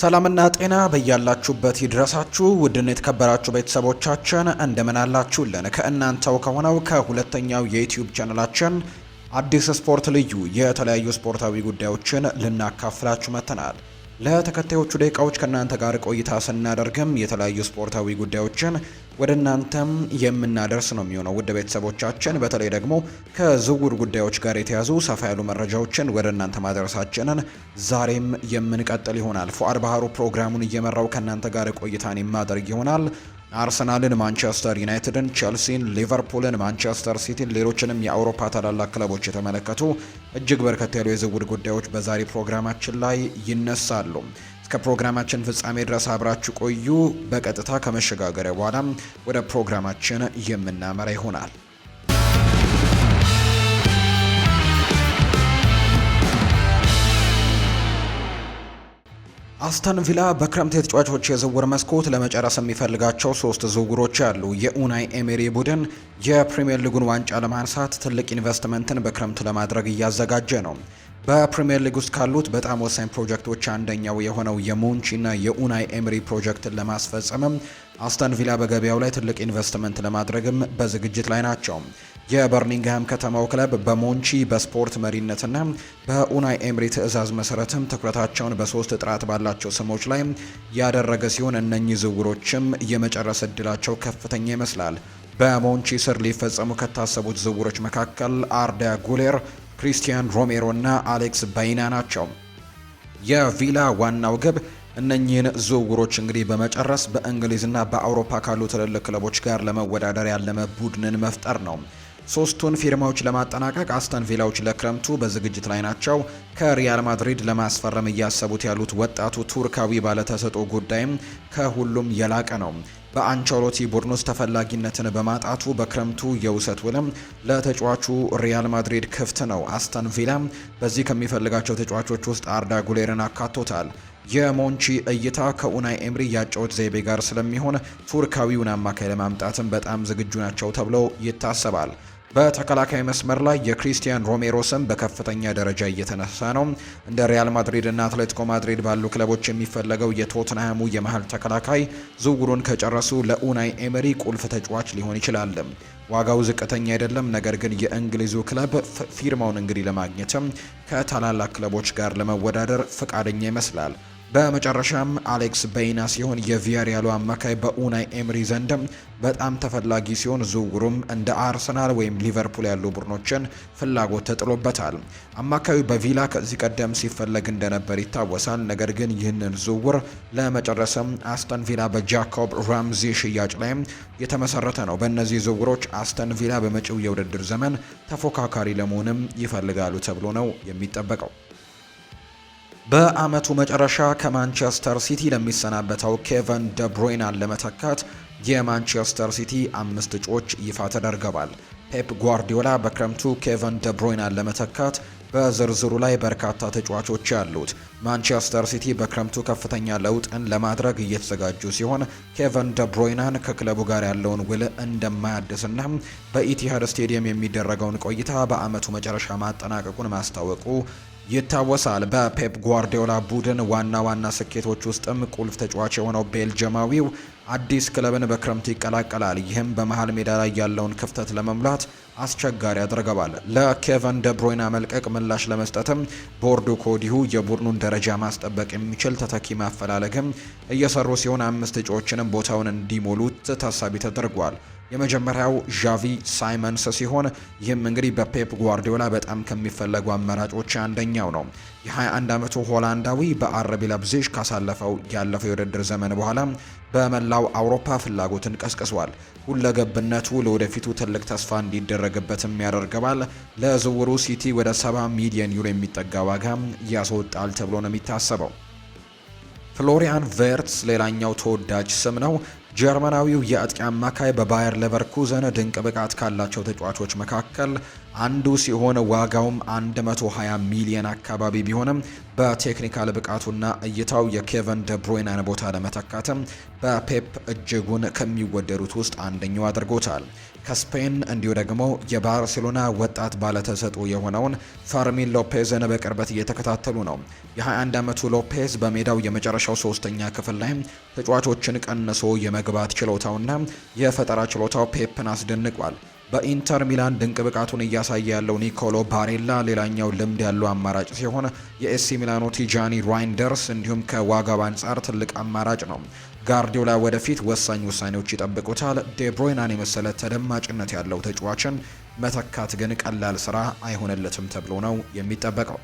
ሰላምና ጤና በያላችሁበት ይድረሳችሁ። ውድን የተከበራችሁ ቤተሰቦቻችን እንደምን አላችሁልን? ከእናንተው ከሆነው ከሁለተኛው የዩትዩብ ቻነላችን አዲስ ስፖርት ልዩ የተለያዩ ስፖርታዊ ጉዳዮችን ልናካፍላችሁ መጥተናል። ለተከታዮቹ ደቂቃዎች ከእናንተ ጋር ቆይታ ስናደርግም የተለያዩ ስፖርታዊ ጉዳዮችን ወደ እናንተም የምናደርስ ነው የሚሆነው ውድ ቤተሰቦቻችን። በተለይ ደግሞ ከዝውውር ጉዳዮች ጋር የተያዙ ሰፋ ያሉ መረጃዎችን ወደ እናንተ ማድረሳችንን ዛሬም የምንቀጥል ይሆናል። ፉአድ ባህሩ ፕሮግራሙን እየመራው ከእናንተ ጋር ቆይታን የማደርግ ይሆናል። አርሰናልን፣ ማንቸስተር ዩናይትድን፣ ቸልሲን፣ ሊቨርፑልን፣ ማንቸስተር ሲቲን፣ ሌሎችንም የአውሮፓ ታላላቅ ክለቦች የተመለከቱ እጅግ በርከት ያሉ የዝውውር ጉዳዮች በዛሬ ፕሮግራማችን ላይ ይነሳሉ። እስከ ፕሮግራማችን ፍጻሜ ድረስ አብራችሁ ቆዩ። በቀጥታ ከመሸጋገሪያ በኋላ ወደ ፕሮግራማችን የምናመራ ይሆናል። አስተን ቪላ በክረምት የተጫዋቾች የዝውውር መስኮት ለመጨረስ የሚፈልጋቸው ሶስት ዝውውሮች አሉ። የኡናይ ኤሜሪ ቡድን የፕሪምየር ሊጉን ዋንጫ ለማንሳት ትልቅ ኢንቨስትመንትን በክረምት ለማድረግ እያዘጋጀ ነው። በፕሪምየር ሊግ ውስጥ ካሉት በጣም ወሳኝ ፕሮጀክቶች አንደኛው የሆነው የሞንቺና የኡናይ ኤምሪ ፕሮጀክትን ለማስፈጸምም አስተን ቪላ በገበያው ላይ ትልቅ ኢንቨስትመንት ለማድረግም በዝግጅት ላይ ናቸው። የበርሚንግሃም ከተማው ክለብ በሞንቺ በስፖርት መሪነትና በኡናይ ኤምሪ ትዕዛዝ መሰረትም ትኩረታቸውን በሶስት ጥራት ባላቸው ስሞች ላይ ያደረገ ሲሆን እነኚህ ዝውሮችም የመጨረስ እድላቸው ከፍተኛ ይመስላል። በሞንቺ ስር ሊፈጸሙ ከታሰቡት ዝውሮች መካከል አርዳ ጉሌር፣ ክሪስቲያን ሮሜሮ እና አሌክስ ባይና ናቸው። የቪላ ዋናው ግብ እነኚህን ዝውውሮች እንግዲህ በመጨረስ በእንግሊዝና በአውሮፓ ካሉ ትልልቅ ክለቦች ጋር ለመወዳደር ያለመ ቡድንን መፍጠር ነው። ሶስቱን ፊርማዎች ለማጠናቀቅ አስተን ቪላዎች ለክረምቱ በዝግጅት ላይ ናቸው። ከሪያል ማድሪድ ለማስፈረም እያሰቡት ያሉት ወጣቱ ቱርካዊ ባለተሰጦ ጉዳይም ከሁሉም የላቀ ነው። በአንቸሎቲ ቡድን ውስጥ ተፈላጊነትን በማጣቱ በክረምቱ የውሰት ውልም ለተጫዋቹ ሪያል ማድሪድ ክፍት ነው። አስተን ቪላ በዚህ ከሚፈልጋቸው ተጫዋቾች ውስጥ አርዳ ጉሌርን አካቶታል። የሞንቺ እይታ ከኡናይ ኤምሪ ያጫወት ዘይቤ ጋር ስለሚሆን ቱርካዊውን አማካይ ለማምጣትም በጣም ዝግጁ ናቸው ተብሎ ይታሰባል። በተከላካይ መስመር ላይ የክሪስቲያን ሮሜሮ ስም በከፍተኛ ደረጃ እየተነሳ ነው። እንደ ሪያል ማድሪድ እና አትሌቲኮ ማድሪድ ባሉ ክለቦች የሚፈለገው የቶትንሃሙ የመሀል ተከላካይ ዝውውሩን ከጨረሱ ለኡናይ ኤመሪ ቁልፍ ተጫዋች ሊሆን ይችላል። ዋጋው ዝቅተኛ አይደለም፣ ነገር ግን የእንግሊዙ ክለብ ፊርማውን እንግዲህ ለማግኘትም ከታላላቅ ክለቦች ጋር ለመወዳደር ፈቃደኛ ይመስላል። በመጨረሻም አሌክስ በይና ሲሆን የቪያሪያሉ አማካይ በኡናይ ኤምሪ ዘንድም በጣም ተፈላጊ ሲሆን ዝውውሩም እንደ አርሰናል ወይም ሊቨርፑል ያሉ ቡድኖችን ፍላጎት ተጥሎበታል። አማካዩ በቪላ ከዚህ ቀደም ሲፈለግ እንደነበር ይታወሳል። ነገር ግን ይህንን ዝውውር ለመጨረስም አስተን ቪላ በጃኮብ ራምዚ ሽያጭ ላይ የተመሰረተ ነው። በእነዚህ ዝውውሮች አስተን ቪላ በመጪው የውድድር ዘመን ተፎካካሪ ለመሆንም ይፈልጋሉ ተብሎ ነው የሚጠበቀው። በአመቱ መጨረሻ ከማንቸስተር ሲቲ ለሚሰናበተው ኬቨን ደብሮይናን ለመተካት የማንቸስተር ሲቲ አምስት እጩዎች ይፋ ተደርገዋል። ፔፕ ጓርዲዮላ በክረምቱ ኬቨን ደብሮይናን ለመተካት በዝርዝሩ ላይ በርካታ ተጫዋቾች ያሉት ማንቸስተር ሲቲ በክረምቱ ከፍተኛ ለውጥን ለማድረግ እየተዘጋጁ ሲሆን ኬቨን ደብሮይናን ከክለቡ ጋር ያለውን ውል እንደማያድስና በኢቲሃድ ስቴዲየም የሚደረገውን ቆይታ በአመቱ መጨረሻ ማጠናቀቁን ማስታወቁ ይታወሳል። በፔፕ ጓርዲዮላ ቡድን ዋና ዋና ስኬቶች ውስጥም ቁልፍ ተጫዋች የሆነው ቤልጅማዊው አዲስ ክለብን በክረምት ይቀላቀላል። ይህም በመሃል ሜዳ ላይ ያለውን ክፍተት ለመሙላት አስቸጋሪ ያደርገዋል። ለኬቨን ደብሮይና መልቀቅ ምላሽ ለመስጠትም ቦርዱ ከወዲሁ የቡድኑን ደረጃ ማስጠበቅ የሚችል ተተኪ ማፈላለግም እየሰሩ ሲሆን አምስት እጩዎችንም ቦታውን እንዲሞሉት ታሳቢ ተደርጓል። የመጀመሪያው ዣቪ ሳይመንስ ሲሆን ይህም እንግዲህ በፔፕ ጓርዲዮላ በጣም ከሚፈለጉ አማራጮች አንደኛው ነው። የ21 ዓመቱ ሆላንዳዊ በአረቢ ለብዜሽ ካሳለፈው ያለፈው የውድድር ዘመን በኋላ በመላው አውሮፓ ፍላጎትን ቀስቅሷል። ሁለገብነቱ ለወደፊቱ ትልቅ ተስፋ እንዲደረግበትም ያደርገዋል። ለዝውውሩ ሲቲ ወደ 70 ሚሊዮን ዩሮ የሚጠጋ ዋጋ ያስወጣል ተብሎ ነው የሚታሰበው። ፍሎሪያን ቬርትስ ሌላኛው ተወዳጅ ስም ነው። ጀርመናዊው የአጥቂ አማካይ በባየር ሌቨርኩዘን ድንቅ ብቃት ካላቸው ተጫዋቾች መካከል አንዱ ሲሆን ዋጋውም 120 ሚሊዮን አካባቢ ቢሆንም በቴክኒካል ብቃቱና እይታው የኬቨን ደብሮይናን ቦታ ለመተካትም በፔፕ እጅጉን ከሚወደዱት ውስጥ አንደኛው አድርጎታል። ከስፔን እንዲሁ ደግሞ የባርሴሎና ወጣት ባለተሰጡ የሆነውን ፈርሚን ሎፔዝን በቅርበት እየተከታተሉ ነው። የ21 ዓመቱ ሎፔዝ በሜዳው የመጨረሻው ሶስተኛ ክፍል ላይ ተጫዋቾችን ቀንሶ የመግባት ችሎታውና የፈጠራ ችሎታው ፔፕን አስደንቋል። በኢንተር ሚላን ድንቅ ብቃቱን እያሳየ ያለው ኒኮሎ ባሬላ ሌላኛው ልምድ ያለው አማራጭ ሲሆን የኤሲ ሚላኖ ቲጃኒ ራይንደርስ እንዲሁም ከዋጋው አንጻር ትልቅ አማራጭ ነው። ጋርዲዮላ ወደፊት ወሳኝ ውሳኔዎች ይጠብቁታል። ዴብሮይናን የመሰለ ተደማጭነት ያለው ተጫዋችን መተካት ግን ቀላል ስራ አይሆንለትም ተብሎ ነው የሚጠበቀው።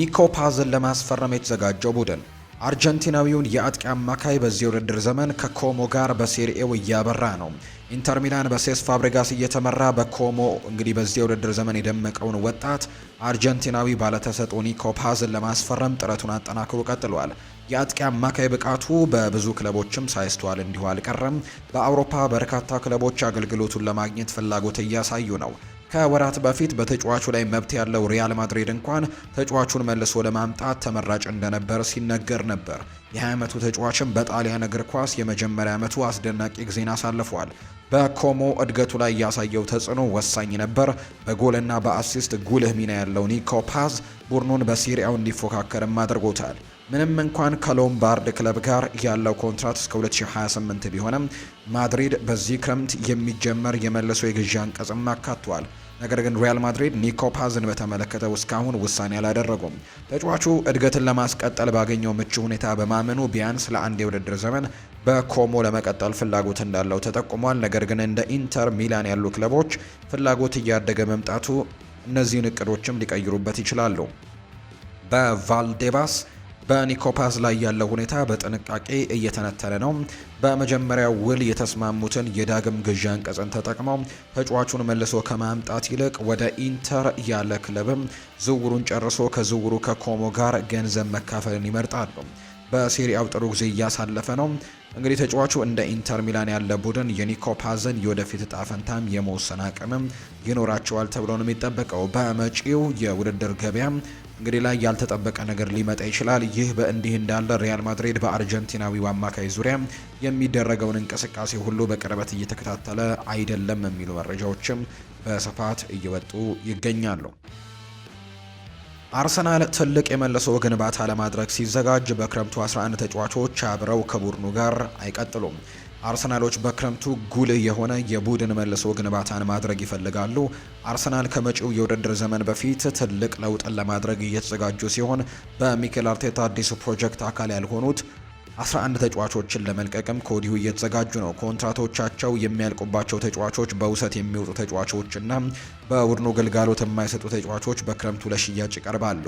ኒኮ ፓዝን ለማስፈረም የተዘጋጀው ቡድን አርጀንቲናዊውን የአጥቂ አማካይ በዚህ ውድድር ዘመን ከኮሞ ጋር በሴሪኤው እያበራ ነው። ኢንተር ሚላን በሴስ ፋብሪጋስ እየተመራ በኮሞ እንግዲህ በዚህ ውድድር ዘመን የደመቀውን ወጣት አርጀንቲናዊ ባለተሰጥኦ ኒኮ ፓዝን ለማስፈረም ጥረቱን አጠናክሮ ቀጥሏል። የአጥቂ አማካይ ብቃቱ በብዙ ክለቦችም ሳይስተዋል እንዲሁ አልቀረም። በአውሮፓ በርካታ ክለቦች አገልግሎቱን ለማግኘት ፍላጎት እያሳዩ ነው። ከወራት በፊት በተጫዋቹ ላይ መብት ያለው ሪያል ማድሪድ እንኳን ተጫዋቹን መልሶ ለማምጣት ተመራጭ እንደነበር ሲነገር ነበር። የ20 ዓመቱ ተጫዋችም በጣሊያን እግር ኳስ የመጀመሪያ ዓመቱ አስደናቂ ጊዜን አሳልፏል። በኮሞ እድገቱ ላይ ያሳየው ተጽዕኖ ወሳኝ ነበር። በጎልና በአሲስት ጉልህ ሚና ያለው ኒኮ ፓዝ ቡድኑን በሲሪያው እንዲፎካከርም አድርጎታል። ምንም እንኳን ከሎምባርድ ክለብ ጋር ያለው ኮንትራት እስከ 2028 ቢሆንም ማድሪድ በዚህ ክረምት የሚጀመር የመልሶ የግዢ አንቀጽም አካቷል። ነገር ግን ሪያል ማድሪድ ኒኮ ፓዝን በተመለከተ እስካሁን ውሳኔ አላደረጉም። ተጫዋቹ እድገትን ለማስቀጠል ባገኘው ምቹ ሁኔታ በማመኑ ቢያንስ ለአንድ የውድድር ዘመን በኮሞ ለመቀጠል ፍላጎት እንዳለው ተጠቁሟል። ነገር ግን እንደ ኢንተር ሚላን ያሉ ክለቦች ፍላጎት እያደገ መምጣቱ እነዚህን እቅዶችም ሊቀይሩበት ይችላሉ። በቫልዴባስ በኒኮፓዝ ላይ ያለው ሁኔታ በጥንቃቄ እየተነተነ ነው። በመጀመሪያው ውል የተስማሙትን የዳግም ግዢ አንቀጽን ተጠቅመው ተጫዋቹን መልሶ ከማምጣት ይልቅ ወደ ኢንተር ያለ ክለብም ዝውውሩን ጨርሶ ከዝውውሩ ከኮሞ ጋር ገንዘብ መካፈልን ይመርጣሉ። በሴሪያው ጥሩ ጊዜ እያሳለፈ ነው። እንግዲህ ተጫዋቹ እንደ ኢንተር ሚላን ያለ ቡድን የኒኮፓዝን የወደፊት እጣ ፈንታም የመወሰን አቅምም ይኖራቸዋል ተብሎ ነው የሚጠበቀው። በመጪው የውድድር ገበያ እንግዲህ ላይ ያልተጠበቀ ነገር ሊመጣ ይችላል። ይህ በእንዲህ እንዳለ ሪያል ማድሪድ በአርጀንቲናዊው አማካይ ዙሪያ የሚደረገውን እንቅስቃሴ ሁሉ በቅርበት እየተከታተለ አይደለም የሚሉ መረጃዎችም በስፋት እየወጡ ይገኛሉ። አርሰናል ትልቅ የመልሶ ግንባታ ለማድረግ ሲዘጋጅ በክረምቱ 11 ተጫዋቾች አብረው ከቡድኑ ጋር አይቀጥሉም። አርሰናሎች በክረምቱ ጉልህ የሆነ የቡድን መልሶ ግንባታን ማድረግ ይፈልጋሉ። አርሰናል ከመጪው የውድድር ዘመን በፊት ትልቅ ለውጥን ለማድረግ እየተዘጋጁ ሲሆን በሚኬል አርቴታ አዲሱ ፕሮጀክት አካል ያልሆኑት 11 ተጫዋቾችን ለመልቀቅም ከወዲሁ እየተዘጋጁ ነው። ኮንትራቶቻቸው የሚያልቁባቸው ተጫዋቾች፣ በውሰት የሚወጡ ተጫዋቾችና በቡድኑ ግልጋሎት የማይሰጡ ተጫዋቾች በክረምቱ ለሽያጭ ይቀርባሉ።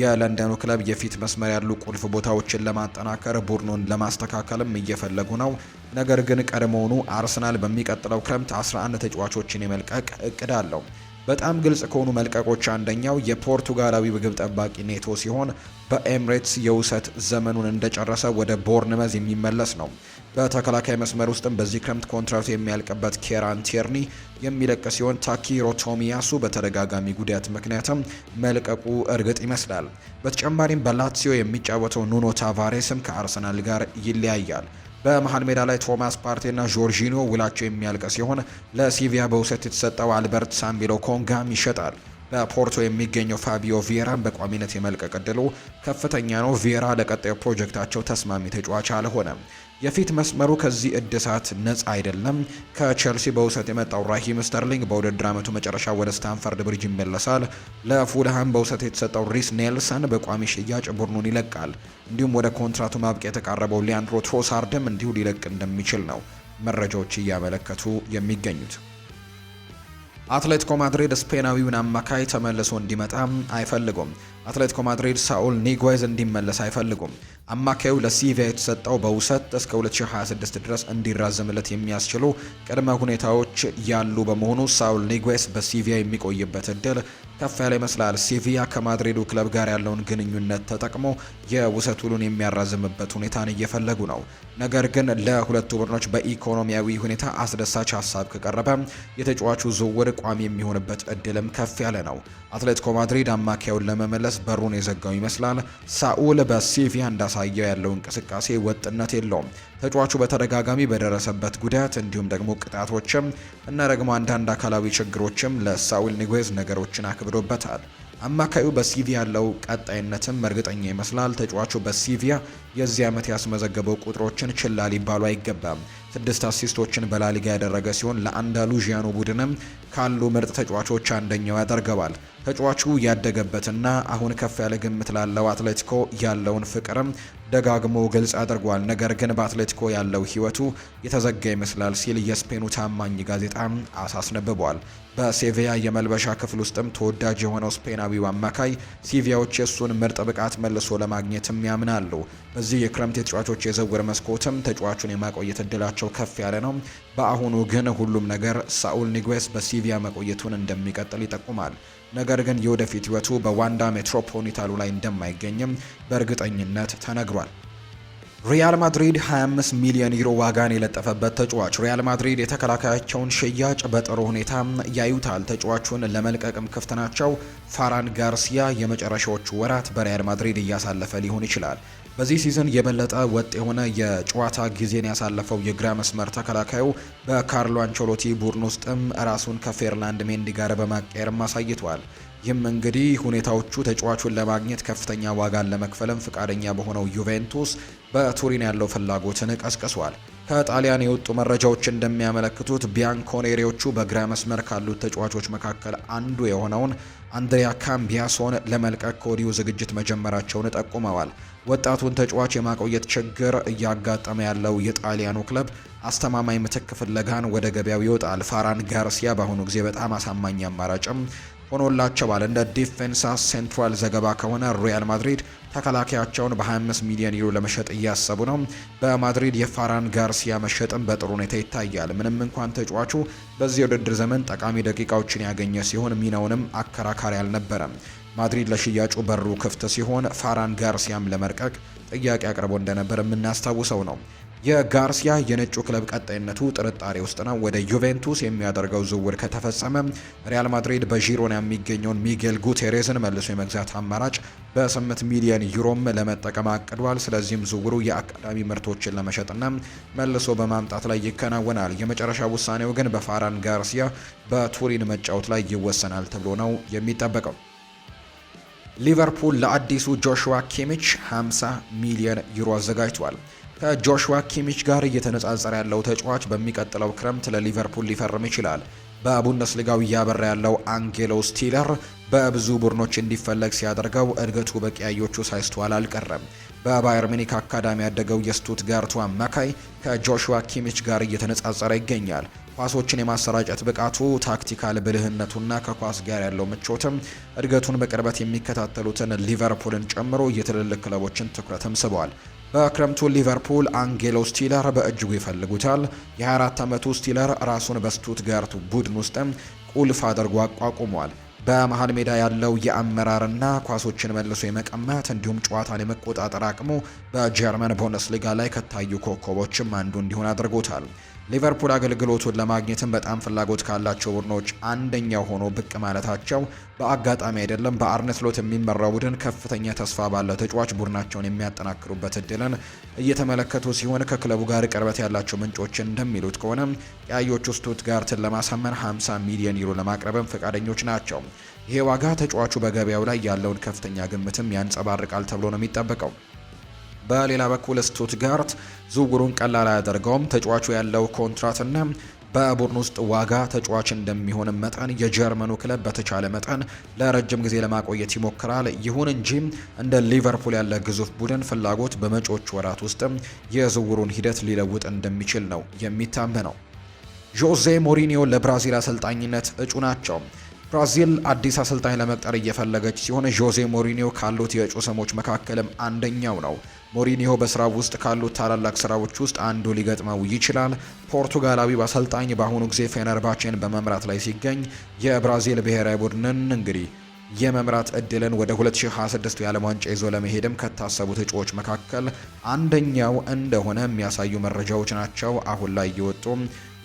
የለንደኑ ክለብ የፊት መስመር ያሉ ቁልፍ ቦታዎችን ለማጠናከር ቡድኑን ለማስተካከልም እየፈለጉ ነው። ነገር ግን ቀድሞውኑ አርሰናል በሚቀጥለው ክረምት 11 ተጫዋቾችን የመልቀቅ እቅድ አለው። በጣም ግልጽ ከሆኑ መልቀቆች አንደኛው የፖርቱጋላዊ ግብ ጠባቂ ኔቶ ሲሆን በኤምሬትስ የውሰት ዘመኑን እንደጨረሰ ወደ ቦርንመዝ የሚመለስ ነው። በተከላካይ መስመር ውስጥም በዚህ ክረምት ኮንትራቱ የሚያልቅበት ኬራን ቴርኒ የሚለቅ ሲሆን ታኪሮ ቶሚያሱ በተደጋጋሚ ጉዳት ምክንያትም መልቀቁ እርግጥ ይመስላል። በተጨማሪም በላትሲዮ የሚጫወተው ኑኖ ታቫሬስም ከአርሰናል ጋር ይለያያል። በመሀል ሜዳ ላይ ቶማስ ፓርቴና ጆርጂኖ ውላቸው የሚያልቅ ሲሆን ለሲቪያ በውሰት የተሰጠው አልበርት ሳምቢሎ ኮንጋም ይሸጣል። በፖርቶ የሚገኘው ፋቢዮ ቪየራን በቋሚነት የመልቀቅ እድሉ ከፍተኛ ነው። ቪየራ ለቀጣዩ ፕሮጀክታቸው ተስማሚ ተጫዋች አልሆነም። የፊት መስመሩ ከዚህ እድሳት ነጻ አይደለም። ከቸልሲ በውሰት የመጣው ራሂም ስተርሊንግ በውድድር ዓመቱ መጨረሻ ወደ ስታንፈርድ ብሪጅ ይመለሳል። ለፉልሃም በውሰት የተሰጠው ሪስ ኔልሰን በቋሚ ሽያጭ ቡድኑን ይለቃል። እንዲሁም ወደ ኮንትራቱ ማብቂያ የተቃረበው ሊያንድሮ ትሮሳርድም እንዲሁ ሊለቅ እንደሚችል ነው መረጃዎች እያመለከቱ የሚገኙት። አትሌቲኮ ማድሪድ ስፔናዊውን አማካይ ተመልሶ እንዲመጣ አይፈልጉም። አትሌቲኮ ማድሪድ ሳኡል ኒጓይዝ እንዲመለስ አይፈልጉም። አማካዩ ለሲቪያ የተሰጠው በውሰት እስከ 2026 ድረስ እንዲራዘምለት የሚያስችሉ ቅድመ ሁኔታዎች ያሉ በመሆኑ ሳውል ኒጉዌስ በሲቪያ የሚቆይበት እድል ከፍ ያለ ይመስላል። ሲቪያ ከማድሪዱ ክለብ ጋር ያለውን ግንኙነት ተጠቅሞ የውሰት ውሉን የሚያራዝምበት ሁኔታን እየፈለጉ ነው። ነገር ግን ለሁለቱ ቡድኖች በኢኮኖሚያዊ ሁኔታ አስደሳች ሀሳብ ከቀረበ የተጫዋቹ ዝውውር ቋሚ የሚሆንበት እድልም ከፍ ያለ ነው። አትሌቲኮ ማድሪድ አማካዩን ለመመለስ በሩን የዘጋው ይመስላል። ሳኡል በሲቪያ እንዳሳ እያሳየ ያለው እንቅስቃሴ ወጥነት የለውም። ተጫዋቹ በተደጋጋሚ በደረሰበት ጉዳት እንዲሁም ደግሞ ቅጣቶችም እና ደግሞ አንዳንድ አካላዊ ችግሮችም ለሳዊል ኒጎዝ ነገሮችን አክብዶበታል። አማካዩ በሲቪያ ያለው ቀጣይነትም እርግጠኛ ይመስላል። ተጫዋቹ በሲቪያ የዚህ ዓመት ያስመዘገበው ቁጥሮችን ችላ ሊባሉ አይገባም። ስድስት አሲስቶችን በላሊጋ ያደረገ ሲሆን ለአንዳሉዥያኑ ቡድንም ካሉ ምርጥ ተጫዋቾች አንደኛው ያደርገዋል። ተጫዋቹ ያደገበትና አሁን ከፍ ያለ ግምት ላለው አትሌቲኮ ያለውን ፍቅርም ደጋግሞ ግልጽ አድርጓል። ነገር ግን በአትሌቲኮ ያለው ሕይወቱ የተዘጋ ይመስላል ሲል የስፔኑ ታማኝ ጋዜጣ አሳስነብቧል። በሴቪያ የመልበሻ ክፍል ውስጥም ተወዳጅ የሆነው ስፔናዊው አማካይ ሲቪያዎች የእሱን ምርጥ ብቃት መልሶ ለማግኘትም ያምናሉ። በዚህ የክረምት የተጫዋቾች የዝውውር መስኮትም ተጫዋቹን የማቆየት እድላቸው ከፍ ያለ ነው። በአሁኑ ግን ሁሉም ነገር ሳኡል ኒጉዌስ በሲቪያ መቆየቱን እንደሚቀጥል ይጠቁማል። ነገር ግን የወደፊት ሕይወቱ በዋንዳ ሜትሮፖሊታኑ ላይ እንደማይገኝም በእርግጠኝነት ተነግሯል። ሪያል ማድሪድ 25 ሚሊዮን ዩሮ ዋጋን የለጠፈበት ተጫዋች ሪያል ማድሪድ የተከላካያቸውን ሽያጭ በጥሩ ሁኔታ ያዩታል። ተጫዋቹን ለመልቀቅም ክፍት ናቸው። ፋራን ጋርሲያ የመጨረሻዎቹ ወራት በሪያል ማድሪድ እያሳለፈ ሊሆን ይችላል። በዚህ ሲዝን የበለጠ ወጥ የሆነ የጨዋታ ጊዜን ያሳለፈው የግራ መስመር ተከላካዩ በካርሎ አንቸሎቲ ቡድን ውስጥም ራሱን ከፌርላንድ ሜንዲ ጋር በማቀየርም አሳይቷል። ይህም እንግዲህ ሁኔታዎቹ ተጫዋቹን ለማግኘት ከፍተኛ ዋጋን ለመክፈልም ፍቃደኛ በሆነው ዩቬንቱስ በቱሪን ያለው ፍላጎትን ቀስቅሷል። ከጣሊያን የወጡ መረጃዎች እንደሚያመለክቱት ቢያንኮኔሪዎቹ በግራ መስመር ካሉት ተጫዋቾች መካከል አንዱ የሆነውን አንድሪያ ካምቢያሶን ለመልቀቅ ከወዲሁ ዝግጅት መጀመራቸውን ጠቁመዋል። ወጣቱን ተጫዋች የማቆየት ችግር እያጋጠመ ያለው የጣሊያኑ ክለብ አስተማማኝ ምትክ ፍለጋን ወደ ገበያው ይወጣል። ፋራን ጋርሲያ በአሁኑ ጊዜ በጣም አሳማኝ አማራጭም ሆኖላቸዋል። እንደ ዲፌንሳ ሴንትራል ዘገባ ከሆነ ሪያል ማድሪድ ተከላካያቸውን በ25 ሚሊዮን ዩሮ ለመሸጥ እያሰቡ ነው። በማድሪድ የፋራን ጋርሲያ መሸጥም በጥሩ ሁኔታ ይታያል። ምንም እንኳን ተጫዋቹ በዚህ የውድድር ዘመን ጠቃሚ ደቂቃዎችን ያገኘ ሲሆን ሚናውንም አከራካሪ አልነበረም። ማድሪድ ለሽያጩ በሩ ክፍት ሲሆን ፋራን ጋርሲያም ለመርቀቅ ጥያቄ አቅርቦ እንደነበር የምናስታውሰው ነው። የጋርሲያ የነጩ ክለብ ቀጣይነቱ ጥርጣሬ ውስጥ ነው። ወደ ዩቬንቱስ የሚያደርገው ዝውውር ከተፈጸመ ሪያል ማድሪድ በዢሮና የሚገኘውን ሚጌል ጉቴሬዝን መልሶ የመግዛት አማራጭ በ8 ሚሊዮን ዩሮም ለመጠቀም አቅዷል። ስለዚህም ዝውውሩ የአካዳሚ ምርቶችን ለመሸጥና መልሶ በማምጣት ላይ ይከናወናል። የመጨረሻ ውሳኔው ግን በፋራን ጋርሲያ በቱሪን መጫወት ላይ ይወሰናል ተብሎ ነው የሚጠበቀው። ሊቨርፑል ለአዲሱ ጆሹዋ ኪሚች 50 ሚሊዮን ዩሮ አዘጋጅቷል። ከጆሹዋ ኪሚች ጋር እየተነጻጸረ ያለው ተጫዋች በሚቀጥለው ክረምት ለሊቨርፑል ሊፈርም ይችላል። በቡንደስሊጋው እያበራ ያለው አንጌሎ ስቲለር በብዙ ቡድኖች እንዲፈለግ ሲያደርገው እድገቱ በቀያዮቹ ሳይስተዋል አልቀረም። በባየር ሚኒክ አካዳሚ ያደገው የስቱትጋርቱ አማካይ ከጆሹዋ ኪሚች ጋር እየተነጻጸረ ይገኛል። ኳሶችን የማሰራጨት ብቃቱ፣ ታክቲካል ብልህነቱና ከኳስ ጋር ያለው ምቾትም እድገቱን በቅርበት የሚከታተሉትን ሊቨርፑልን ጨምሮ የትልልቅ ክለቦችን ትኩረትም ስበዋል። በክረምቱ ሊቨርፑል አንጌሎ ስቲለር በእጅጉ ይፈልጉታል። የ24 ዓመቱ ስቲለር ራሱን በስቱትጋርት ቡድን ውስጥም ቁልፍ አድርጎ አቋቁሟል። በመሀል ሜዳ ያለው የአመራርና ኳሶችን መልሶ የመቀማት እንዲሁም ጨዋታን የመቆጣጠር አቅሙ በጀርመን ቡንደስሊጋ ላይ ከታዩ ኮከቦችም አንዱ እንዲሆን አድርጎታል። ሊቨርፑል አገልግሎቱን ለማግኘትም በጣም ፍላጎት ካላቸው ቡድኖች አንደኛው ሆኖ ብቅ ማለታቸው በአጋጣሚ አይደለም። በአርነ ስሎት የሚመራው ቡድን ከፍተኛ ተስፋ ባለው ተጫዋች ቡድናቸውን የሚያጠናክሩበት እድልን እየተመለከቱ ሲሆን ከክለቡ ጋር ቅርበት ያላቸው ምንጮች እንደሚሉት ከሆነ ቀያዮቹ ስቱትጋርትን ለማሳመን 50 ሚሊዮን ዩሮ ለማቅረብም ፈቃደኞች ናቸው። ይሄ ዋጋ ተጫዋቹ በገበያው ላይ ያለውን ከፍተኛ ግምትም ያንጸባርቃል ተብሎ ነው የሚጠበቀው። በሌላ በኩል ስቱትጋርት ዝውውሩን ቀላል አያደርገውም። ተጫዋቹ ያለው ኮንትራትና በቡድን ውስጥ ዋጋ ተጫዋች እንደሚሆን መጠን የጀርመኑ ክለብ በተቻለ መጠን ለረጅም ጊዜ ለማቆየት ይሞክራል። ይሁን እንጂ እንደ ሊቨርፑል ያለ ግዙፍ ቡድን ፍላጎት በመጪዎች ወራት ውስጥ የዝውውሩን ሂደት ሊለውጥ እንደሚችል ነው የሚታመነው። ጆዜ ሞሪኒዮ ለብራዚል አሰልጣኝነት እጩ ናቸው። ብራዚል አዲስ አሰልጣኝ ለመቅጠር እየፈለገች ሲሆን ዦዜ ሞሪኒዮ ካሉት የእጩ ስሞች መካከልም አንደኛው ነው። ሞሪኒዮ በስራው ውስጥ ካሉት ታላላቅ ስራዎች ውስጥ አንዱ ሊገጥመው ይችላል። ፖርቱጋላዊ አሰልጣኝ በአሁኑ ጊዜ ፌነርባቼን በመምራት ላይ ሲገኝ የብራዚል ብሔራዊ ቡድንን እንግዲህ የመምራት እድልን ወደ 2026 የዓለም ዋንጫ ይዞ ለመሄድም ከታሰቡት እጩዎች መካከል አንደኛው እንደሆነ የሚያሳዩ መረጃዎች ናቸው አሁን ላይ እየወጡ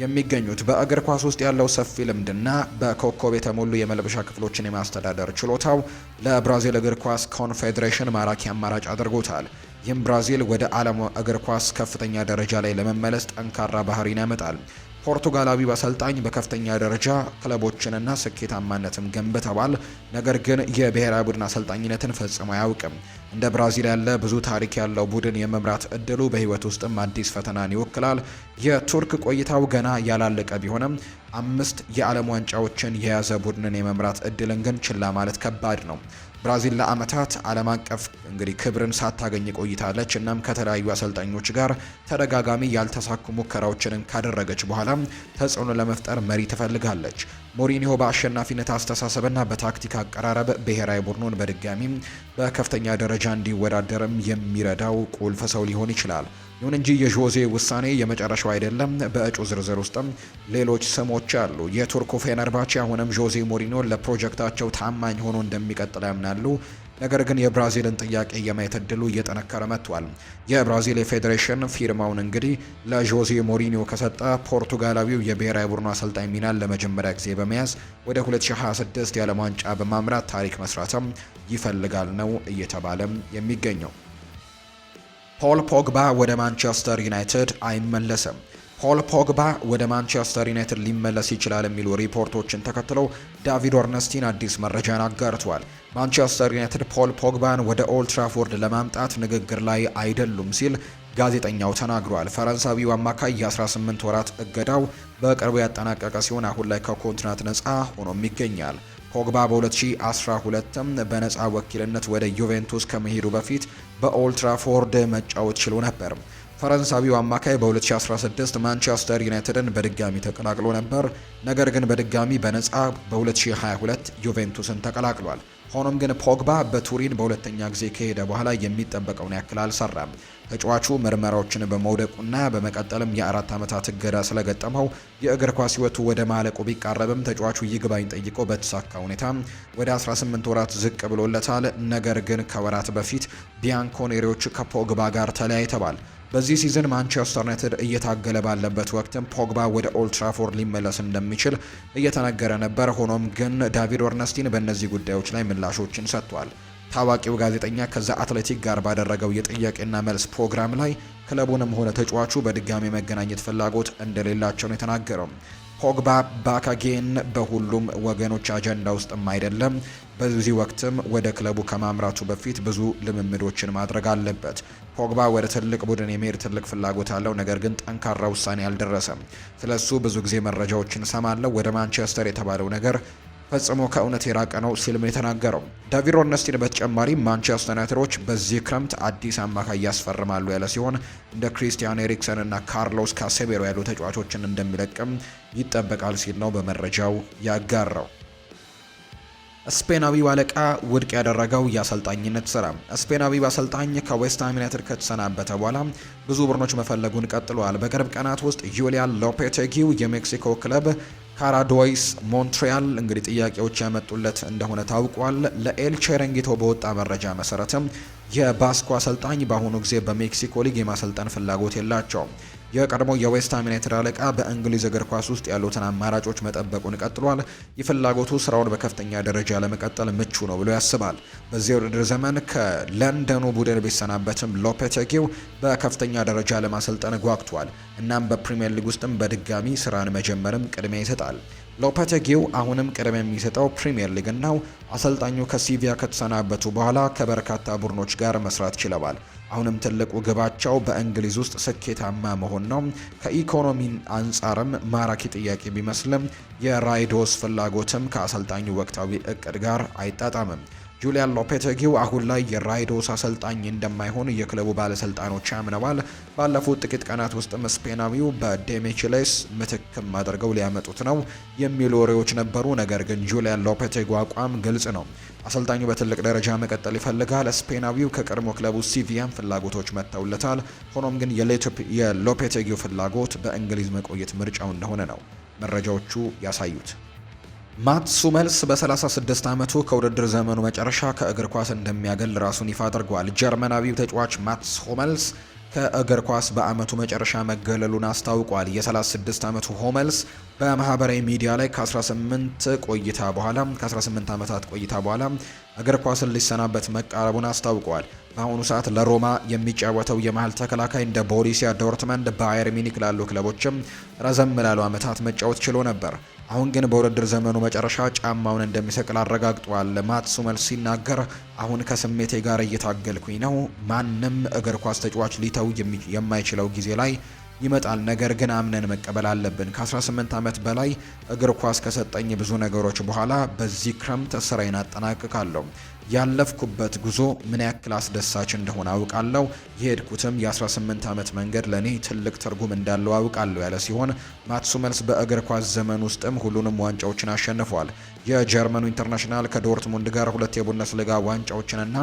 የሚገኙት በእግር ኳስ ውስጥ ያለው ሰፊ ልምድና በኮከብ የተሞሉ የመልበሻ ክፍሎችን የማስተዳደር ችሎታው ለብራዚል እግር ኳስ ኮንፌዴሬሽን ማራኪ አማራጭ አድርጎታል። ይህም ብራዚል ወደ ዓለም እግር ኳስ ከፍተኛ ደረጃ ላይ ለመመለስ ጠንካራ ባህሪን ያመጣል። ፖርቱጋላዊው አሰልጣኝ በከፍተኛ ደረጃ ክለቦችንና ስኬታማነትም ገንብተዋል። ነገር ግን የብሔራዊ ቡድን አሰልጣኝነትን ፈጽሞ አያውቅም። እንደ ብራዚል ያለ ብዙ ታሪክ ያለው ቡድን የመምራት እድሉ በህይወት ውስጥም አዲስ ፈተናን ይወክላል። የቱርክ ቆይታው ገና ያላለቀ ቢሆንም አምስት የዓለም ዋንጫዎችን የያዘ ቡድንን የመምራት እድልን ግን ችላ ማለት ከባድ ነው። ብራዚል ለአመታት ዓለም አቀፍ እንግዲህ ክብርን ሳታገኝ ቆይታለች። እናም ከተለያዩ አሰልጣኞች ጋር ተደጋጋሚ ያልተሳኩ ሙከራዎችንም ካደረገች በኋላ ተጽዕኖ ለመፍጠር መሪ ትፈልጋለች። ሞሪኒሆ በአሸናፊነት አስተሳሰብና በታክቲክ አቀራረብ ብሔራዊ ቡድኑን በድጋሚም በከፍተኛ ደረጃ እንዲወዳደርም የሚረዳው ቁልፍ ሰው ሊሆን ይችላል። ይሁን እንጂ የዦዜ ውሳኔ የመጨረሻው አይደለም። በእጩ ዝርዝር ውስጥም ሌሎች ስሞች አሉ። የቱርኩ ፌነርባቼ አሁንም ዦዜ ሞሪኒሆን ለፕሮጀክታቸው ታማኝ ሆኖ እንደሚቀጥል ያምናሉ። ነገር ግን የብራዚልን ጥያቄ የማየት እድሉ እየጠነከረ መጥቷል። የብራዚል ፌዴሬሽን ፊርማውን እንግዲህ ለዦዜ ሞሪኒዮ ከሰጠ ፖርቱጋላዊው የብሔራዊ ቡድኑ አሰልጣኝ ሚናን ለመጀመሪያ ጊዜ በመያዝ ወደ 2026 የዓለም ዋንጫ በማምራት ታሪክ መስራትም ይፈልጋል ነው እየተባለም የሚገኘው። ፖል ፖግባ ወደ ማንቸስተር ዩናይትድ አይመለስም። ፖል ፖግባ ወደ ማንቸስተር ዩናይትድ ሊመለስ ይችላል የሚሉ ሪፖርቶችን ተከትለው ዳቪድ ኦርነስቲን አዲስ መረጃን አጋርቷል። ማንቸስተር ዩናይትድ ፖል ፖግባን ወደ ኦልትራፎርድ ለማምጣት ንግግር ላይ አይደሉም ሲል ጋዜጠኛው ተናግሯል። ፈረንሳዊው አማካይ የ18 ወራት እገዳው በቅርቡ ያጠናቀቀ ሲሆን አሁን ላይ ከኮንትራት ነፃ ሆኖም ይገኛል። ፖግባ በ2012ም በነፃ ወኪልነት ወደ ዩቬንቱስ ከመሄዱ በፊት በኦልትራፎርድ መጫወት ችሎ ነበር። ፈረንሳዊው አማካይ በ2016 ማንቸስተር ዩናይትድን በድጋሚ ተቀላቅሎ ነበር። ነገር ግን በድጋሚ በነፃ በ2022 ዩቬንቱስን ተቀላቅሏል። ሆኖም ግን ፖግባ በቱሪን በሁለተኛ ጊዜ ከሄደ በኋላ የሚጠበቀውን ያክል አልሰራም። ተጫዋቹ ምርመራዎችን በመውደቁና በመቀጠልም የአራት ዓመታት እገዳ ስለገጠመው የእግር ኳስ ሕይወቱ ወደ ማለቁ ቢቃረብም ተጫዋቹ ይግባኝ ጠይቆ በተሳካ ሁኔታ ወደ 18 ወራት ዝቅ ብሎለታል። ነገር ግን ከወራት በፊት ቢያንኮኔሪዎች ከፖግባ ጋር ተለያይተዋል። በዚህ ሲዝን ማንቸስተር ዩናይትድ እየታገለ ባለበት ወቅትም ፖግባ ወደ ኦልትራፎርድ ሊመለስ እንደሚችል እየተነገረ ነበር። ሆኖም ግን ዳቪድ ኦርነስቲን በእነዚህ ጉዳዮች ላይ ምላሾችን ሰጥቷል። ታዋቂው ጋዜጠኛ ከዛ አትሌቲክ ጋር ባደረገው የጥያቄና መልስ ፕሮግራም ላይ ክለቡንም ሆነ ተጫዋቹ በድጋሚ መገናኘት ፍላጎት እንደሌላቸው ነው የተናገረው። ፖግባ ባካጌን በሁሉም ወገኖች አጀንዳ ውስጥም አይደለም። በዚህ ወቅትም ወደ ክለቡ ከማምራቱ በፊት ብዙ ልምምዶችን ማድረግ አለበት። ፖግባ ወደ ትልቅ ቡድን የመሄድ ትልቅ ፍላጎት አለው፣ ነገር ግን ጠንካራ ውሳኔ አልደረሰም። ስለ እሱ ብዙ ጊዜ መረጃዎችን እሰማለሁ። ወደ ማንቸስተር የተባለው ነገር ፈጽሞ ከእውነት የራቀ ነው ሲልም የተናገረው ዳቪድ ኦርነስቲን በተጨማሪ ማንቸስተር ዩናይትዶች በዚህ ክረምት አዲስ አማካይ ያስፈርማሉ ያለ ሲሆን እንደ ክሪስቲያን ኤሪክሰን እና ካርሎስ ካሴቤሮ ያሉ ተጫዋቾችን እንደሚለቅም ይጠበቃል ሲል ነው በመረጃው ያጋራው። ስፔናዊው አለቃ ውድቅ ያደረገው የአሰልጣኝነት ስራ። ስፔናዊው አሰልጣኝ ከዌስትሃም ዩናይትድ ከተሰናበተ በኋላ ብዙ ቡድኖች መፈለጉን ቀጥሏል። በቅርብ ቀናት ውስጥ ዩሊያን ሎፔቴጊው የሜክሲኮ ክለብ ካራዶይስ ሞንትሪያል እንግዲህ ጥያቄዎች ያመጡለት እንደሆነ ታውቋል። ለኤል ቼረንጊቶ በወጣ መረጃ መሰረትም የባስኮ አሰልጣኝ በአሁኑ ጊዜ በሜክሲኮ ሊግ የማሰልጠን ፍላጎት የላቸውም። የቀድሞ የዌስትሃም ዩናይትድ አለቃ በእንግሊዝ እግር ኳስ ውስጥ ያሉትን አማራጮች መጠበቁን ቀጥሏል። የፍላጎቱ ስራውን በከፍተኛ ደረጃ ለመቀጠል ምቹ ነው ብሎ ያስባል። በዚህ ውድድር ዘመን ከለንደኑ ቡድን ቢሰናበትም ሎፔቴጊው በከፍተኛ ደረጃ ለማሰልጠን ጓግቷል። እናም በፕሪምየር ሊግ ውስጥም በድጋሚ ስራን መጀመርም ቅድሚያ ይሰጣል። ሎፐቴጊው አሁንም ቅድሚያ የሚሰጠው ፕሪምየር ሊግ ነው። አሰልጣኙ ከሲቪያ ከተሰናበቱ በኋላ ከበርካታ ቡድኖች ጋር መስራት ችለዋል። አሁንም ትልቁ ግባቸው በእንግሊዝ ውስጥ ስኬታማ መሆን ነው። ከኢኮኖሚ አንጻርም ማራኪ ጥያቄ ቢመስልም የራይዶስ ፍላጎትም ከአሰልጣኙ ወቅታዊ እቅድ ጋር አይጣጣምም። ጁሊያን ሎፔቴጊው አሁን ላይ የራይዶስ አሰልጣኝ እንደማይሆን የክለቡ ባለስልጣኖች አምነዋል። ባለፉት ጥቂት ቀናት ውስጥም ስፔናዊው በዴሜችሌስ ምትክም አድርገው ሊያመጡት ነው የሚሉ ወሬዎች ነበሩ። ነገር ግን ጁሊያን ሎፔቴጊው አቋም ግልጽ ነው። አሰልጣኙ በትልቅ ደረጃ መቀጠል ይፈልጋል። ስፔናዊው ከቀድሞ ክለቡ ሲቪያን ፍላጎቶች መጥተውለታል። ሆኖም ግን የሎፔቴጊው ፍላጎት በእንግሊዝ መቆየት ምርጫው እንደሆነ ነው መረጃዎቹ ያሳዩት። ማት ሱመልስ በ36 ዓመቱ ከውድድር ዘመኑ መጨረሻ ከእግር ኳስ እንደሚያገል ራሱን ይፋ አድርጓል። ጀርመናዊው ተጫዋች ማትስ ሆመልስ ከእግር ኳስ በአመቱ መጨረሻ መገለሉን አስታውቋል። የ36 ዓመቱ ሆመልስ በማህበራዊ ሚዲያ ላይ ከ18 ቆይታ በኋላ ከ18 ዓመታት ቆይታ በኋላ እግር ኳስን ሊሰናበት መቃረቡን አስታውቋል። በአሁኑ ሰዓት ለሮማ የሚጫወተው የመሀል ተከላካይ እንደ ቦሪሲያ ዶርትመንድ፣ ባየር ሚኒክ ላሉ ክለቦችም ረዘም ላሉ ዓመታት መጫወት ችሎ ነበር። አሁን ግን በውድድር ዘመኑ መጨረሻ ጫማውን እንደሚሰቅል አረጋግጧል። ማትሱመል ሲናገር አሁን ከስሜቴ ጋር እየታገልኩኝ ነው። ማንም እግር ኳስ ተጫዋች ሊተው የማይችለው ጊዜ ላይ ይመጣል። ነገር ግን አምነን መቀበል አለብን። ከ18 ዓመት በላይ እግር ኳስ ከሰጠኝ ብዙ ነገሮች በኋላ በዚህ ክረምት ስራዬን አጠናቅቃለሁ። ያለፍኩበት ጉዞ ምን ያክል አስደሳች እንደሆነ አውቃለሁ። የሄድኩትም የ18 ዓመት መንገድ ለእኔ ትልቅ ትርጉም እንዳለው አውቃለሁ ያለ ሲሆን ማትሱመልስ በእግር ኳስ ዘመን ውስጥም ሁሉንም ዋንጫዎችን አሸንፏል። የጀርመኑ ኢንተርናሽናል ከዶርትሙንድ ጋር ሁለት የቡንደስ ሊጋ ዋንጫዎችንና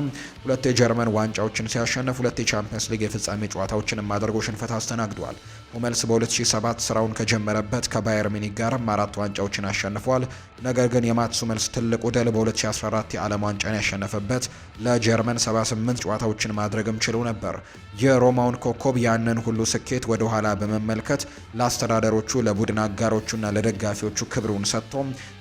ሁለት የጀርመን ዋንጫዎችን ሲያሸንፍ ሁለት የቻምፒየንስ ሊግ የፍጻሜ ጨዋታዎችን ማድረጉ ሽንፈት አስተናግዷል። ሁመልስ በ2007 ስራውን ከጀመረበት ከባየር ሚኒክ ጋርም አራት ዋንጫዎችን አሸንፏል። ነገር ግን የማትስ ሁመልስ ትልቁ ድል በ2014 የዓለም ዋንጫን ያሸነፈበት ለጀርመን 78 ጨዋታዎችን ማድረግም ችሎ ነበር። የሮማውን ኮከብ ያንን ሁሉ ስኬት ወደ ኋላ በመመልከት ለአስተዳደሮቹ ለቡድን አጋሮቹና ለደጋፊዎቹ ክብሩን ሰጥቶ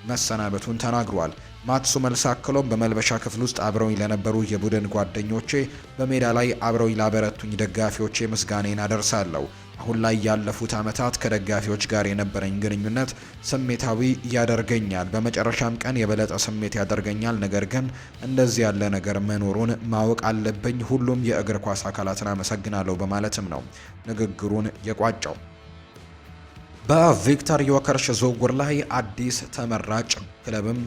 መሰናበቱን ተናግሯል። ማትሱ መልስ አክሎም በመልበሻ ክፍል ውስጥ አብረውኝ ለነበሩ የቡድን ጓደኞቼ፣ በሜዳ ላይ አብረውኝ ላበረቱኝ ደጋፊዎቼ ምስጋኔን አደርሳለሁ። አሁን ላይ ያለፉት ዓመታት ከደጋፊዎች ጋር የነበረኝ ግንኙነት ስሜታዊ ያደርገኛል። በመጨረሻም ቀን የበለጠ ስሜት ያደርገኛል። ነገር ግን እንደዚህ ያለ ነገር መኖሩን ማወቅ አለብኝ። ሁሉም የእግር ኳስ አካላትን አመሰግናለሁ በማለትም ነው ንግግሩን የቋጨው። በቪክተር ዮከርሽ ዝውውር ላይ አዲስ ተመራጭ ክለብም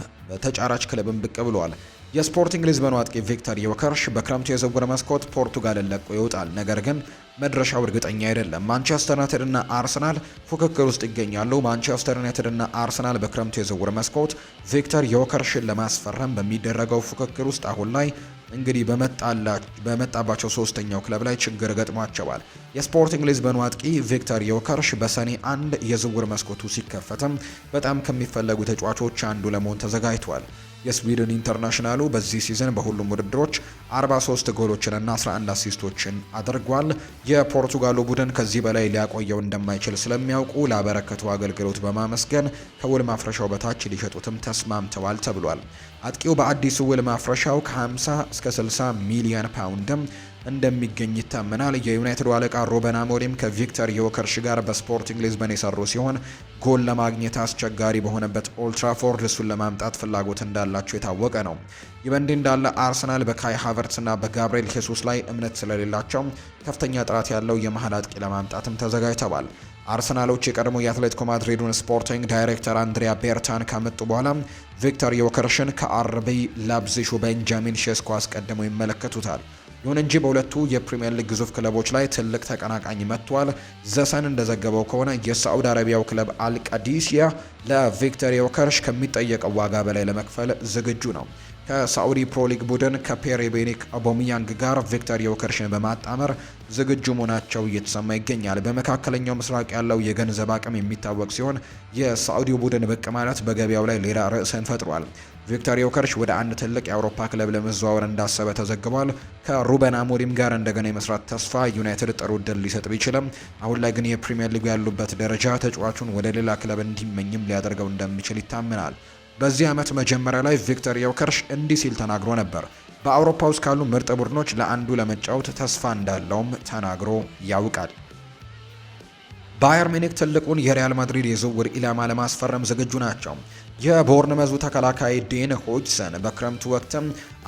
ተጫራች ክለብም ብቅ ብሏል። የስፖርቲንግ ሊዝበኑ አጥቂ ቪክተር ዮከርሽ በክረምቱ የዝውውር መስኮት ፖርቱጋልን ለቆ ይወጣል። ነገር ግን መድረሻው እርግጠኛ አይደለም። ማንቸስተር ዩናይትድ እና አርሰናል ፉክክር ውስጥ ይገኛሉ። ማንቸስተር ዩናይትድ እና አርሰናል በክረምቱ የዝውውር መስኮት ቪክተር ዮከርሽን ለማስፈረም በሚደረገው ፉክክር ውስጥ አሁን ላይ እንግዲህ በመጣባቸው ሶስተኛው ክለብ ላይ ችግር ገጥሟቸዋል። የስፖርቲንግ ሊዝበኑ አጥቂ ቪክተር ዮከርሽ በሰኔ አንድ የዝውውር መስኮቱ ሲከፈትም በጣም ከሚፈለጉ ተጫዋቾች አንዱ ለመሆን ተዘጋጅቷል። የስዊድን ኢንተርናሽናሉ በዚህ ሲዝን በሁሉም ውድድሮች 43 ጎሎችንና 11 አሲስቶችን አድርጓል። የፖርቱጋሉ ቡድን ከዚህ በላይ ሊያቆየው እንደማይችል ስለሚያውቁ ላበረከቱ አገልግሎት በማመስገን ከውል ማፍረሻው በታች ሊሸጡትም ተስማምተዋል ተብሏል። አጥቂው በአዲሱ ውል ማፍረሻው ከ50 እስከ 60 ሚሊዮን ፓውንድም እንደሚገኝ ይታመናል። የዩናይትድ አለቃ ሩበን አሞሪም ከቪክተር ዮከርሽ ጋር በስፖርቲንግ ሊዝበን የሰሩ ሲሆን ጎል ለማግኘት አስቸጋሪ በሆነበት ኦልትራፎርድ እሱን ለማምጣት ፍላጎት እንዳላቸው የታወቀ ነው። ይህ በእንዲህ እንዳለ አርሰናል በካይ ሃቨርትስ ሃቨርትስና በጋብርኤል ሄሱስ ላይ እምነት ስለሌላቸው ከፍተኛ ጥራት ያለው የመሀል አጥቂ ለማምጣትም ተዘጋጅተዋል። አርሰናሎች የቀድሞ የአትሌቲኮ ማድሪዱን ስፖርቲንግ ዳይሬክተር አንድሪያ ቤርታን ካመጡ በኋላ ቪክተር ዮከርሽን ከአርቢ ላብዚሹ ቤንጃሚን ሼስኮ አስቀድመው ይመለከቱታል። ይሁን እንጂ በሁለቱ የፕሪምየር ሊግ ግዙፍ ክለቦች ላይ ትልቅ ተቀናቃኝ መጥቷል። ዘሰን እንደዘገበው ከሆነ የሳዑዲ አረቢያው ክለብ አልቃዲሲያ ለቪክተር ዮከርሽ ከሚጠየቀው ዋጋ በላይ ለመክፈል ዝግጁ ነው። ከሳዑዲ ሊግ ቡድን ከፔሬ ቤኒክ አቦሚያንግ ጋር ቪክተር ዮከርሽን በማጣመር ዝግጁ መሆናቸው እየተሰማ ይገኛል። በመካከለኛው ምስራቅ ያለው የገንዘብ አቅም የሚታወቅ ሲሆን የሳዑዲው ቡድን ብቅ ማለት በገበያው ላይ ሌላ ርዕስን ፈጥሯል። ቪክተር ዮከርሽ ወደ አንድ ትልቅ የአውሮፓ ክለብ ለመዘዋወር እንዳሰበ ተዘግቧል። ከሩበን አሞሪም ጋር እንደገና የመስራት ተስፋ ዩናይትድ ጥሩ እድል ሊሰጥ ቢችልም አሁን ላይ ግን የፕሪምየር ሊጉ ያሉበት ደረጃ ተጫዋቹን ወደ ሌላ ክለብ እንዲመኝም ሊያደርገው እንደሚችል ይታመናል። በዚህ ዓመት መጀመሪያ ላይ ቪክተር ዮከርሽ እንዲህ ሲል ተናግሮ ነበር። በአውሮፓ ውስጥ ካሉ ምርጥ ቡድኖች ለአንዱ ለመጫወት ተስፋ እንዳለውም ተናግሮ ያውቃል። ባየር ሚኒክ ትልቁን የሪያል ማድሪድ የዝውውር ኢላማ ለማስፈረም ዝግጁ ናቸው። የቦርንመዙ ተከላካይ ዴን ሆጅሰን በክረምቱ ወቅትም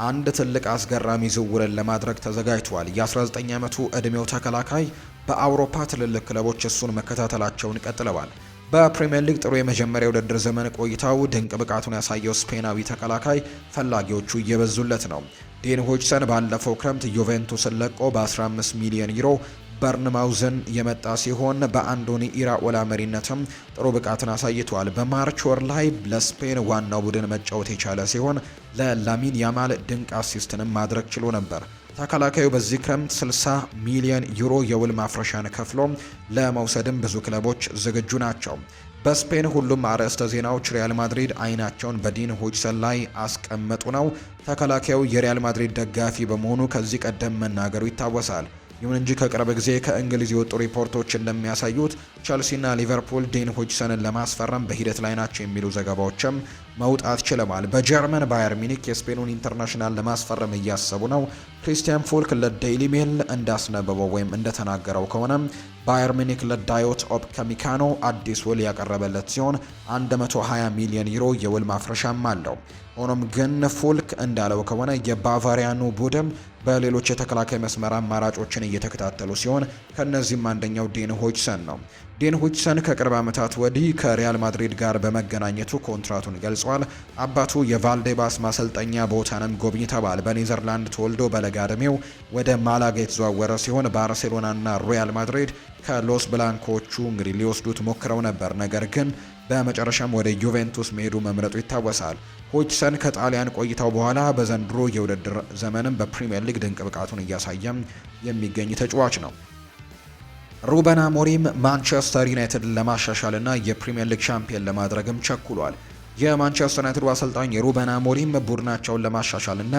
አንድ ትልቅ አስገራሚ ዝውውርን ለማድረግ ተዘጋጅቷል። የ19 ዓመቱ ዕድሜው ተከላካይ በአውሮፓ ትልልቅ ክለቦች እሱን መከታተላቸውን ቀጥለዋል። በፕሪምየር ሊግ ጥሩ የመጀመሪያ ውድድር ዘመን ቆይታው ድንቅ ብቃቱን ያሳየው ስፔናዊ ተከላካይ ፈላጊዎቹ እየበዙለት ነው። ዴን ሆጅሰን ባለፈው ክረምት ዩቬንቱስን ለቆ በ15 ሚሊዮን ዩሮ በርንማውዘን የመጣ ሲሆን በአንዶኒ ኢራኦላ መሪነትም ጥሩ ብቃትን አሳይቷል። በማርች ወር ላይ ለስፔን ዋናው ቡድን መጫወት የቻለ ሲሆን ለላሚን ያማል ድንቅ አሲስትንም ማድረግ ችሎ ነበር። ተከላካዩ በዚህ ክረምት 60 ሚሊዮን ዩሮ የውል ማፍረሻን ከፍሎ ለመውሰድም ብዙ ክለቦች ዝግጁ ናቸው። በስፔን ሁሉም አርዕስተ ዜናዎች ሪያል ማድሪድ አይናቸውን በዲን ሆጅሰን ላይ አስቀመጡ ነው። ተከላካዩ የሪያል ማድሪድ ደጋፊ በመሆኑ ከዚህ ቀደም መናገሩ ይታወሳል። ይሁን እንጂ ከቅርብ ጊዜ ከእንግሊዝ የወጡ ሪፖርቶች እንደሚያሳዩት ቸልሲና ሊቨርፑል ዴን ሆጅሰንን ለማስፈረም በሂደት ላይ ናቸው የሚሉ ዘገባዎችም መውጣት ችለዋል። በጀርመን ባየር ሚኒክ የስፔኑን ኢንተርናሽናል ለማስፈረም እያሰቡ ነው። ክሪስቲያን ፎልክ ለዴይሊ ሜል እንዳስነበበው ወይም እንደተናገረው ከሆነ ባየር ሚኒክ ለዳዮት ኦፕ ከሚካኖ አዲስ ውል ያቀረበለት ሲሆን 120 ሚሊዮን ዩሮ የውል ማፍረሻም አለው። ሆኖም ግን ፉልክ እንዳለው ከሆነ የባቫሪያኑ ቡድን በሌሎች የተከላካይ መስመር አማራጮችን እየተከታተሉ ሲሆን ከእነዚህም አንደኛው ዴን ሆችሰን ነው። ዴን ሆችሰን ከቅርብ ዓመታት ወዲህ ከሪያል ማድሪድ ጋር በመገናኘቱ ኮንትራቱን ገልጿል። አባቱ የቫልዴባስ ማሰልጠኛ ቦታንም ጎብኝተዋል። በኔዘርላንድ ተወልዶ በለጋ ዕድሜው ወደ ማላጋ የተዘዋወረ ሲሆን ባርሴሎናና ሪያል ማድሪድ ከሎስ ብላንኮቹ እንግዲህ ሊወስዱት ሞክረው ነበር፣ ነገር ግን በመጨረሻም ወደ ዩቬንቱስ መሄዱ መምረጡ ይታወሳል። ሆችሰን ከጣሊያን ቆይታው በኋላ በዘንድሮ የውድድር ዘመንም በፕሪምየር ሊግ ድንቅ ብቃቱን እያሳየም የሚገኝ ተጫዋች ነው። ሩበን አሞሪም ማንቸስተር ዩናይትድን ለማሻሻልና የፕሪምየር ሊግ ሻምፒየን ለማድረግም ቸኩሏል። የማንቸስተር ዩናይትድ አሰልጣኝ ሩበን አሞሪም ቡድናቸውን ለማሻሻልና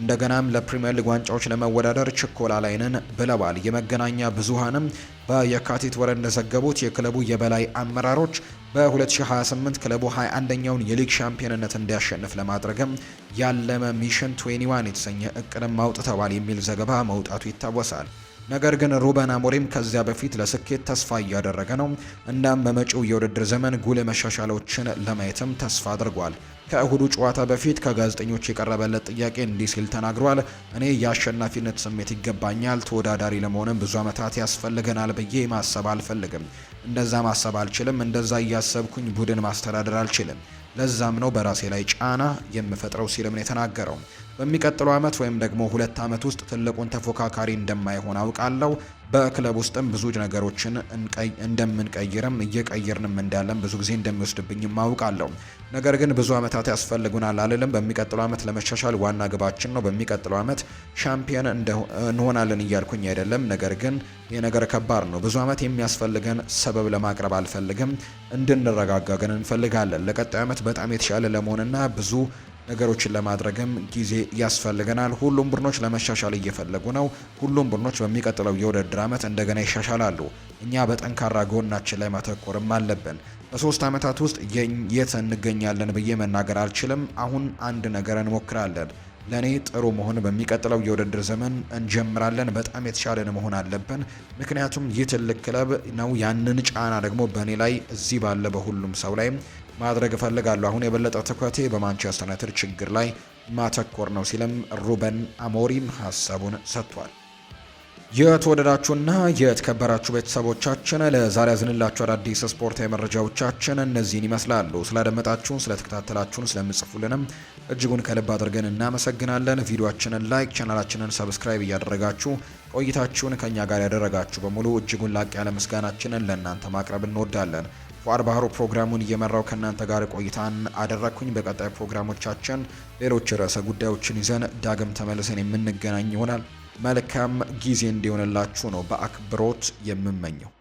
እንደገናም ለፕሪምየር ሊግ ዋንጫዎች ለመወዳደር ችኮላ ላይ ብለዋል። የመገናኛ ብዙሃንም በየካቲት ወር እንደዘገቡት የክለቡ የበላይ አመራሮች በ2028 ክለቡ 21ኛውን የሊግ ሻምፒዮንነት እንዲያሸንፍ ለማድረግም ያለመ ሚሽን 21 የተሰኘ እቅድም አውጥተዋል የሚል ዘገባ መውጣቱ ይታወሳል። ነገር ግን ሩበን አሞሪም ከዚያ በፊት ለስኬት ተስፋ እያደረገ ነው። እናም በመጪው የውድድር ዘመን ጉል መሻሻሎችን ለማየትም ተስፋ አድርጓል። ከእሁዱ ጨዋታ በፊት ከጋዜጠኞች የቀረበለት ጥያቄ እንዲህ ሲል ተናግሯል። እኔ የአሸናፊነት ስሜት ይገባኛል። ተወዳዳሪ ለመሆንም ብዙ ዓመታት ያስፈልገናል ብዬ ማሰብ አልፈልግም። እንደዛ ማሰብ አልችልም። እንደዛ እያሰብኩኝ ቡድን ማስተዳደር አልችልም። ለዛም ነው በራሴ ላይ ጫና የምፈጥረው ሲልም ነው የተናገረው። በሚቀጥለው ዓመት ወይም ደግሞ ሁለት ዓመት ውስጥ ትልቁን ተፎካካሪ እንደማይሆን አውቃለሁ። በክለብ ውስጥም ብዙ ነገሮችን እንደምንቀይርም እየቀየርንም እንዳለን ብዙ ጊዜ እንደሚወስድብኝም ማውቃለሁ ነገር ግን ብዙ ዓመታት ያስፈልጉናል አልልም። በሚቀጥለው ዓመት ለመሻሻል ዋና ግባችን ነው። በሚቀጥለው ዓመት ሻምፒዮን እንሆናለን እያልኩኝ አይደለም። ነገር ግን ይህ ነገር ከባድ ነው። ብዙ ዓመት የሚያስፈልገን ሰበብ ለማቅረብ አልፈልግም። እንድንረጋጋ ግን እንፈልጋለን። ለቀጣዩ ዓመት በጣም የተሻለ ለመሆንና ብዙ ነገሮችን ለማድረግም ጊዜ ያስፈልገናል። ሁሉም ቡድኖች ለመሻሻል እየፈለጉ ነው። ሁሉም ቡድኖች በሚቀጥለው የውድድር ዓመት እንደገና ይሻሻላሉ። እኛ በጠንካራ ጎናችን ላይ ማተኮርም አለብን። በሶስት ዓመታት ውስጥ የት እንገኛለን ብዬ መናገር አልችልም። አሁን አንድ ነገር እንሞክራለን። ለእኔ ጥሩ መሆን በሚቀጥለው የውድድር ዘመን እንጀምራለን። በጣም የተሻለን መሆን አለብን፣ ምክንያቱም ይህ ትልቅ ክለብ ነው። ያንን ጫና ደግሞ በእኔ ላይ እዚህ ባለ በሁሉም ሰው ላይ ማድረግ እፈልጋለሁ። አሁን የበለጠ ትኩረቴ በማንቸስተር ዩናይትድ ችግር ላይ ማተኮር ነው ሲልም ሩበን አሞሪም ሀሳቡን ሰጥቷል። የተወደዳችሁና የተከበራችሁ ቤተሰቦቻችን ለዛሬ ያዝንላችሁ አዳዲስ ስፖርታዊ መረጃዎቻችን እነዚህን ይመስላሉ። ስላደመጣችሁን፣ ስለተከታተላችሁን፣ ስለምጽፉልንም እጅጉን ከልብ አድርገን እናመሰግናለን። ቪዲዮችንን ላይክ፣ ቻናላችንን ሰብስክራይብ እያደረጋችሁ ቆይታችሁን ከእኛ ጋር ያደረጋችሁ በሙሉ እጅጉን ላቅ ያለ ምስጋናችንን ለእናንተ ማቅረብ እንወዳለን። ፏር ባህሩ ፕሮግራሙን እየመራው ከእናንተ ጋር ቆይታን አደረግኩኝ። በቀጣይ ፕሮግራሞቻችን ሌሎች ርዕሰ ጉዳዮችን ይዘን ዳግም ተመልሰን የምንገናኝ ይሆናል። መልካም ጊዜ እንዲሆንላችሁ ነው በአክብሮት የምመኘው።